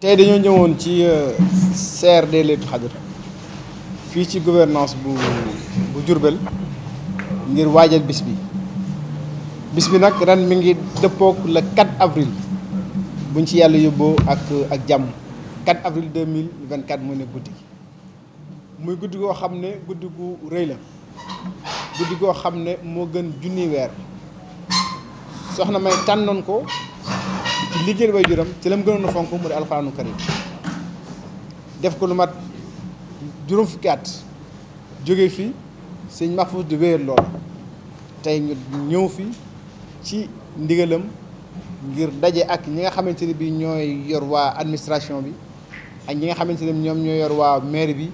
tey dañoo ñëwoon ci euh, CRD Laylatul Qadr fii ci gouvernance bu bu Diourbel ngir waajal bis bi bis bi nag ren mi ngi dëppook le 4 avril buñ ci yàlla yóbboo ak ak jàmm 4 avril 2024 mu ne guddi muy guddi goo xam ne guddi gu rëy la guddi goo xam ne moo gën junni weer soxna may tànnoon ko ci liggéey way juram ci la mu gënoon fonk mu di alxuraanu karim def ko lu mat juróom fukki at jóge fi sëñ Mahfouz di wéyal lool tey ñu ñëw fi ci ndigalam ngir daje ak ñi nga xamante ne bi ñooy yor waa administration bi ak ñi nga xamante ne ñoom ñoo yor waa maire bi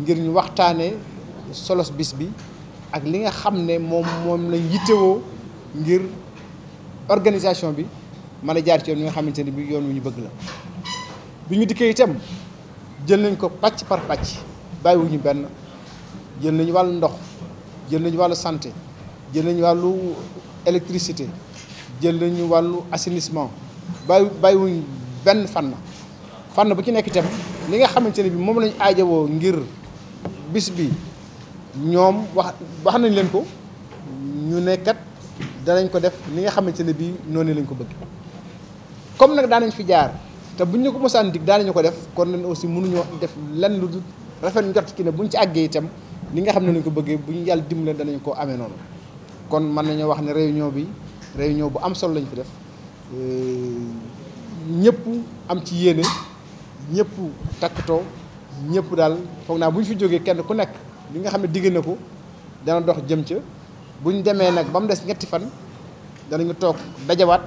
ngir ñu waxtaanee solos bis bi ak li nga xam ne moom moom lañ yittewoo ngir organisation bi mën a jaar ci yoon wi xamante ne bi yoon wu ñu bëgg la bu ñu dikkee itam jël nañ ko pàcc par pàcc bàyyiwuñu benn jël nañu wàllu ndox jël nañu wàllu santé jël nañu wàllu électricité jël nañu wàllu assainissement bàyyi bàyyiwuñu benn fànn fànn bu ci nekk itam li nga xamante ne bi moom lañu aajowoo ngir bis bi ñoom wax wax nañ leen ko ñu nekkat danañ ko def li nga xamante ne bi noonu lañ ko bëgg comme nag daanañ fi jaar te buñ ñu ko mosaan dig daanañu ko def kon nañ aussi mënuñoo def lenn lu dul rafet njort ki ne buñ ci àggee itam li nga xam ne nañ ko bëggee bu buñ yàlla dimbale danañ ko amee noonu kon mën nañoo wax ne réunion bi réunion bu am solo lañ fi def euh, ñëpp am ci yéene ñëpp takkatoo ñëpp daal foog naa bu ñu fi jógee kenn ku nekk li nga xam ne digg na ko dana dox jëm ca bu ñu demee nag ba mu des ñetti fan danañu toog dajawaat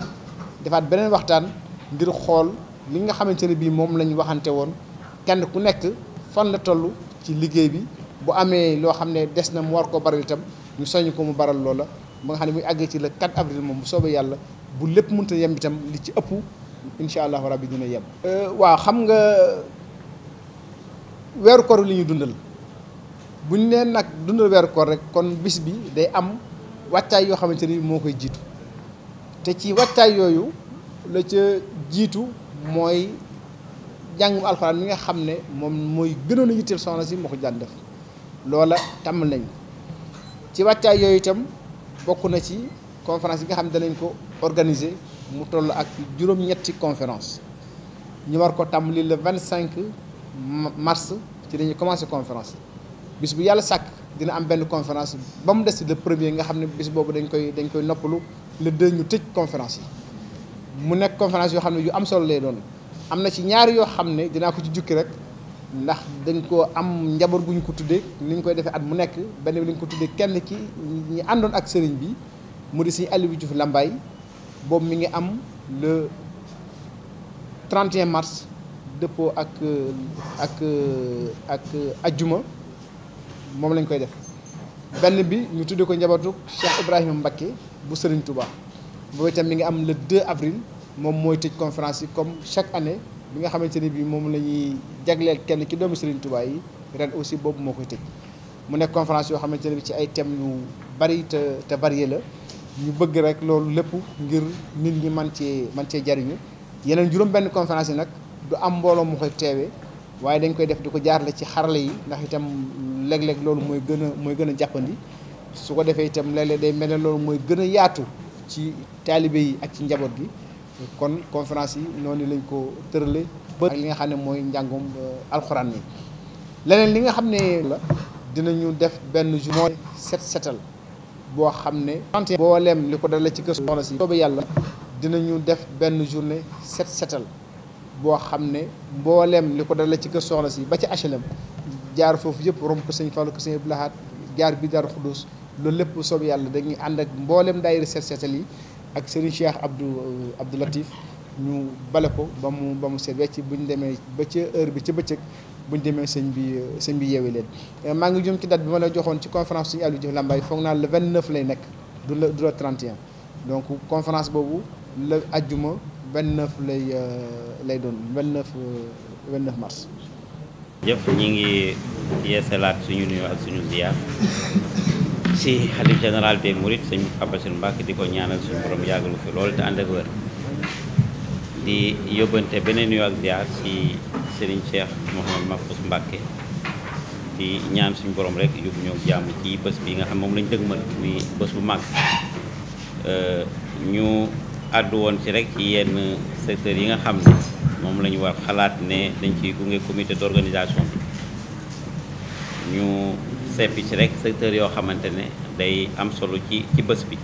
defaat beneen waxtaan ngir xool li nga xamante ne bii moom lañ waxante woon kenn ku nekk fan la toll ci liggéey bi bu amee loo xam ne des na mu war koo baral itam ñu soññ ko mu baral loola ba nga xam ne muy àggee ci la 4 avril moom bu soobee yàlla bu lépp mënta yem itam li ci ëpp incha allahu rabbi dina yem. Euh, waaw xam nga weeru koor li ñu dundal bu ñu nag dundal weeru koor rek kon bis bi day am wàccaay yoo xamante ni moo koy jiitu te ci wàccaay yooyu la ca. jiitu mooy jàngum alxuraan mi nga xam ne moom mooy gënoon a yitteel soxna si moo ko daan def loola tàmm nañ ci wàccaay yooyu itam bokk na ci conférence yi nga xam ne danañ ko organiser mu toll ak juróom-ñetti conférence ñu war ko tàmbali la vingt cinq mars ci dañuy commencé yi bis bu yàlla sàkk dina am benn conférence ba mu des le premier nga xam ne bis boobu dañ koy dañ koy noppalu le deux ñu tëj conférence yi mu nekk conférence yoo xam ne yu am solo lay doon am na ci ñaari yoo xam ne dinaa ko ci jukki rek ndax dañ ko am njaboot gu ñu ko tuddee ni ñu koy defee at mu nekk benn bi lañ ko tuddee kenn ci ñi àndoon ak sëriñ bi mu di Serigne Aliou Diouf Lambaye boobu mi ngi am le 31 mars dëppoo ak ak ak ajjuma moom lañ koy def benn bi ñu tuddee ko njabootu Cheikh Ibrahima Mbacké bu Serigne tubaa boobu itam li ngi am le 2 avril moom mooy tëj conférence yi comme chaque année bi nga xamante ne bii moom la ñuy jagleel kenn ci doomu Serigne Touba yi ren aussi boobu moo koy tëj mu nekk conférence yoo xamante ne bi ci ay thèmes yu bari te te varié la ñu bëgg rek loolu lépp ngir nit ñi man cee man cee jariñu yeneen juróom-benn conférence yi nag du am mbooloo mu koy teewee waaye dañ koy def di ko jaarale ci xarala yi ndax itam léeg-léeg loolu mooy gën a mooy gën a jàppandi su ko defee itam léeg day mel loolu mooy gën a yaatu ci taalibe yi ak ci njaboot gi kon conférence yi noonu lañ ko tërale ba li nga xam ne mooy njàngum euh, alxuraan mi leneen li nga xam ne la dinañu def benn jour set setal boo xam ne booleem li ko dala ci kër soxna si soobee yàlla dinañu def benn journée set setal boo xam ne mboolem li ko dala ci kër soxna si ba ci HLM jaar foofu yëpp romb ko sëñ Fallou ko sëñ jaar bi Daaru Xuddus loolu lépp bu soobee yàlla dañuy ànd ak mboolem daayira seet seetal yi ak Serigne Cheikh Abdou euh, Abdou Latif ñu bale ko ba mu ba mu seet wecc bu ñu demee ba ca heure bi ca bëccëg buñ demee sëñ bi euh, sëñ bi yeewee leen. Euh, maa ngi jëm ci date bi ma la joxoon ci conférence suñu Aliou Diouf Lambaye foog naa le 29 lay nekk du la du la 31 donc conférence boobu la ajjuma 29 lay lay doon 29 29 mars. jëf ñi ngi yeesalaat suñu nuyoo ak suñu ziar. si xalif général des Mourides sëñ Abdou Bassirou Mbacké di ko ñaanal suñu borom yàggalu fi lool te ànd ak wër di yóbbante beneen yoo ak ziar ci sëriñ Cheikh Mouhamed Mahfous Mbacké di ñaan suñu boroom rek yóbbu ñoo jàmm ci bés bi nga xam moom lañ dëgmal muy bés bu mag ñu àddu woon ci rek ci yenn secteurs yi nga xam ne moom lañu ñu war xalaat ne dañ ciy gunge comité d'organisation bi seppi ci rek secteur yoo xamante ne day am solo ci ci bës bi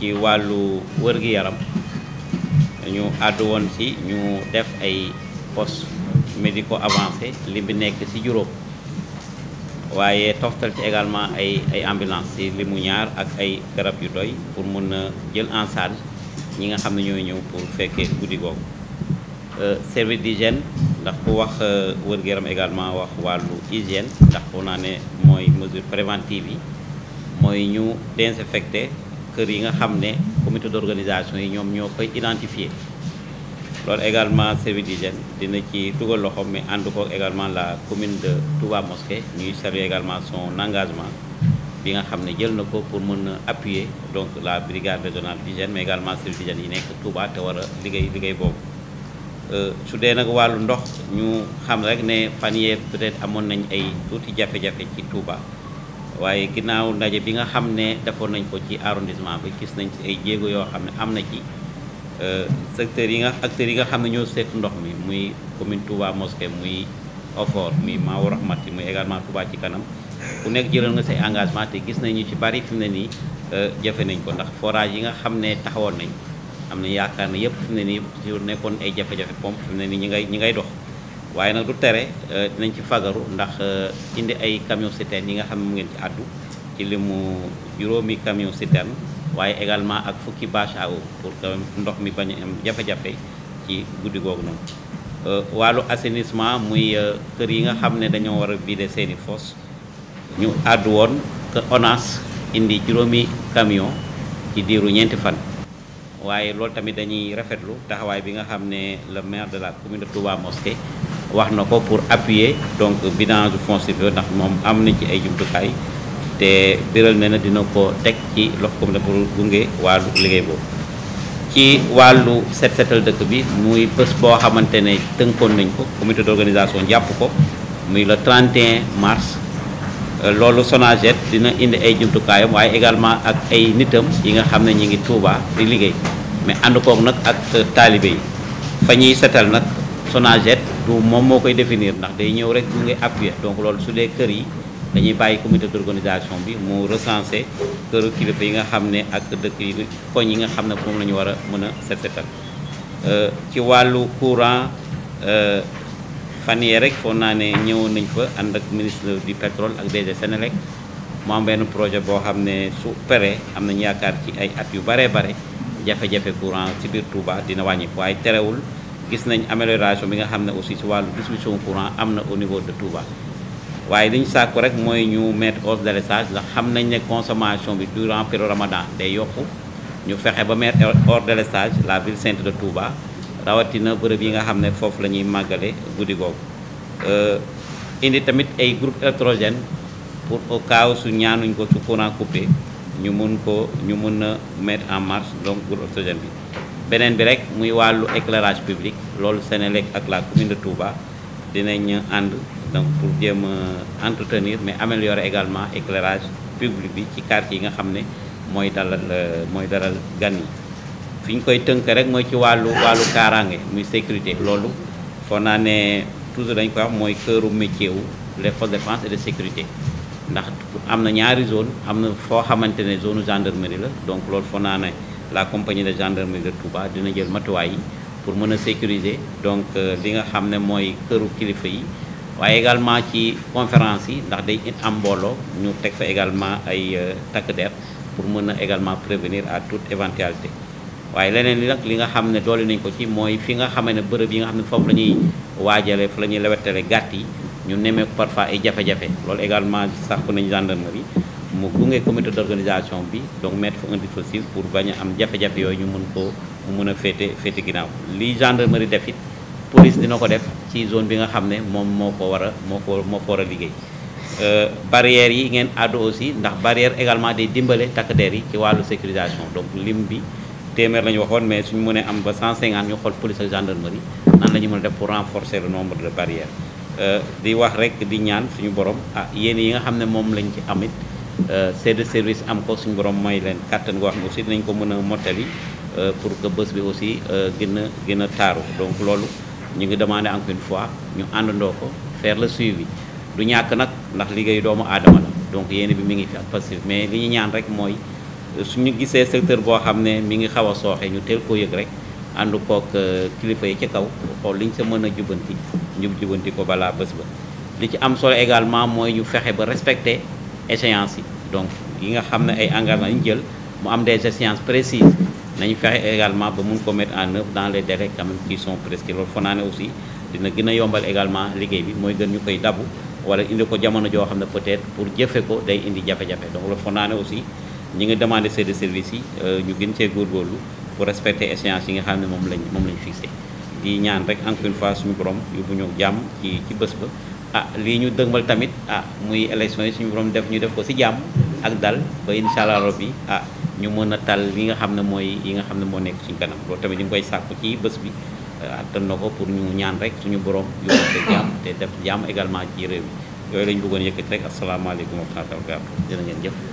ci wàllu wër-gi-yaram ñu àddu woon ci ñu def ay poste médico avancé li bi nekk ci juróom waaye toftal ci également ay ay ambulance ci li mu ñaar ak ay garab yu doy pour mun a jël en charge ñi nga xam ne ñooy ñëw pour fekkee guddi googu euh, service d'hygiène ndax ku wax euh, wër-gu-yaram également wax wàllu hygiène ndax foo naa ne mooy mesure préventive yi mooy ñu désinfecté kër yi nga xam ne comité d'organisation yi ñoom ñoo koy identifié loolu également service d'hygiène dina ci dugal loxo mais ànd ko également la commune de Touba Mosquée ñuy saluer également son engagement bi nga xam ne jël na ko pour mën a appuyer donc la brigade régionale d'hygiène mais également service d'hygiène yi nekk Touba te wara a liggéey liggéey boobu Euh, su dee nag wàllu ndox ñu xam rek ne fan yee peut-être amoon nañ ay tuuti jafe-jafe ci Touba waaye ginnaaw ndaje bi nga xam ne defoon nañ ko ci arrondissement bi gis nañ ci ay jéego yoo xam ne am na ci euh, secteurs yi nga acteurs yi nga xam ne ñoo seet ndox mi muy commune Touba Mosquée muy Ofor muy Maou Rahmati muy également Touba ci kanam ku nekk jëloon nga say engagement te gis nañu ci bari fi mu ne nii euh, jafe nañ ko ndax forage yi nga xam ne taxawoon nañ am na yaakaar ne yëpp fi ne nii su nekkoon ay jafe-jafe pompe fi mu ne ngay ñi dox waaye nag du tere euh, dinañ ci fagaru ndax euh, indi ay camion citerne yi nga xam ne mu ngeen ci ci limu juróomi camion citerne waaye également ak fukki bâche à pour ndox mi bañ am jafe-jafe ci guddi googu noonu euh, wàllu assainissement muy kër yi nga xam ne dañoo war a vider seeni fosse ñu àddu woon que indi juróomi camion ci diiru ñeenti fan waaye loolu tamit dañuy rafetlu taxawaay bi nga xam ne le maire de la commune de Touba Mosquée wax na ko pour appuyer donc bilan du Fonds Vert ndax moom am nañ ci ay jumtukaay te biral ne na dina ko teg ci loxo commune pour gunge wàllu liggéey boobu ci wàllu set setal dëkk bi muy bés boo xamante ne tënkoon nañ ko comité d'organisation jàpp ko muy le 31 mars Euh, loolu Sonaged dina indi ay jumtukaayam waaye également ak ay nitam yi nga xam ne ñu ngi Touba di liggéey mais ànd koog nag ak euh, taalibe yi fa ñuy setal nag Sonaged du moom moo koy définir ndax day ñëw rek mu ngi appuyer donc loolu su dee kër yi dañuy bàyyi comité d'organisation bi mu recensé këru kilifa yi nga xam ne ak dëkk yi koñ yi nga xam ne moom la ñu war a mën a set setal euh, ci wàllu courant. fan yee rek foog naa ne ñëwoon nañ fa ànd ak ministre du pétrole ak DG Senelec mu am benn projet boo xam ne su pere am nañu yaakaar ci ay at yu baree bare jafe-jafe courant ci biir Touba dina wàññi ko waaye terewul gis nañ amélioration bi nga xam ne aussi ci wàllu distribution courant am na au niveau de Touba waaye li ñu sàkku rek mooy ñu mettre hausse d'alésage ndax xam nañ ne consommation bi durant période Ramadan day yokku ñu fexe ba mettre hors d'alésage la ville sainte de Touba rawatina bërëb yi nga xam ne foofu la ñuy màggale guddi googu euh, indi tamit ay groupe électrogène pour au cas su ñaanuñ ko su courant coupé ñu mun ko ñu mun a mettre en marche donc groupe électrogène bi beneen bi rek muy wàllu éclairage public loolu Senelec ak la commune de Touba dinañ ànd donc pour jéem a entretenir mais améliorer également éclairage public bi ci quartier yi nga xam ne mooy dalal euh, mooy dalal gan yi fi ñu koy tënk rek mooy ci wàllu wàllu kaaraange muy sécurité loolu foo naa ne toujours dañu koy wax mooy këru métier wu de défense et de sécurité ndax am na ñaari zone am na foo xamante ne zone gendarmerie la donc loolu foo naa ne la compagnie de gendarmerie de Touba dina jël matuwaay yi pour mën a sécuriser donc euh, li nga xam ne mooy këru kilifa yi waaye également ci conférence yi ndax day it am mbooloo ñu teg fa également ay euh, takk der pour mën a également prévenir à toute éventualité waaye leneen li nag li nga xam ne doole nañ ko ci mooy fi nga xamee ne bërëb yi nga xam ne foofu la ñuy waajale fu la ñuy lewettale gàtt yi ñu nemee ko parfois ay jafe-jafe loolu également sàkku nañu gendarmerie mu gunge comité d'organisation bi donc mettre indi un dispositif pour bañ a am jafe-jafe yooyu ñu mën ko mu mën a féete féete ginnaaw li gendarmerie def it police dina ko def ci zone bi nga xam ne moom moo ko war a moo ko moo ko war a liggéey euh, barrières yi ngeen àddu ndax barrière également day dimbale takk der yi ci wàllu sécurisation donc lim bi téeméer la ñu waxoon mais suñu mënee am ba 150 ñu xool police ak gendarmerie nan la ñu mën a def pour renforcer le nombre de barrières euh, di wax rek di ñaan suñu borom ah yéen yi nga xam ne moom lañ ci amit euh, c'est de service am ko suñu borom may leen kàttan goo xam ne aussi dinañ ko mën a mottali euh, pour que bés bi aussi gën a gën a taaru donc loolu ñu ngi demandé encore une fois ñu àndandoo ko faire le suivi du ñàkk nag ndax liggéey doomu aadama la donc yéen bi mi ngi fi ak passif mais li ñu ñaan rek mooy ñu gisee secteur boo xam ne mi ngi xaw a sooxee ñu teel koo yëg rek ànd kook euh, kilifa yi ci kaw xool ñu sa mën a jubanti ñu jubanti ko balaa bés ba li ci am solo également mooy ñu fexe ba respecter échéance yi donc yi nga xam ne ay engagement ñu jël mu am des échéances précises nañu fexe également ba mun ko mettre en œuvre dans les délais quand même qui loolu foog naa ne aussi dina gën a yombal également liggéey bi mooy gën ñu koy dabu wala indi ko jamono joo xam ne peut-être pour jëfe ko day indi jafe-jafe donc loolu foog naa ne aussi ñu ngi demande ces de services yi euh, ñu gën cee góorgóorlu pour respecter essiance yi nga xam ne moom lañ moom lañ fixé di ñaan rek en une fois suñu borom yóbbu ñu jàmm ci ba ah lii ñu dëgmal tamit ah muy élection suñu borom def ñu def ko si jàmm ak dal ba incha allah rabbi ah ñu mën a tal li nga xam ne mooy yi nga xam ne moo nekk suñu kanam loolu tamit ñu ngi koy sàkku ci bés bi euh, attan na ko pour ñu ñaan rek suñu borom yóbbu ko jàmm te def jàmm également ci réew mi yooyu la ñu bëggoon yëkkati rek asalaamaaleykum wa rahmatulah jërë ngeen jëf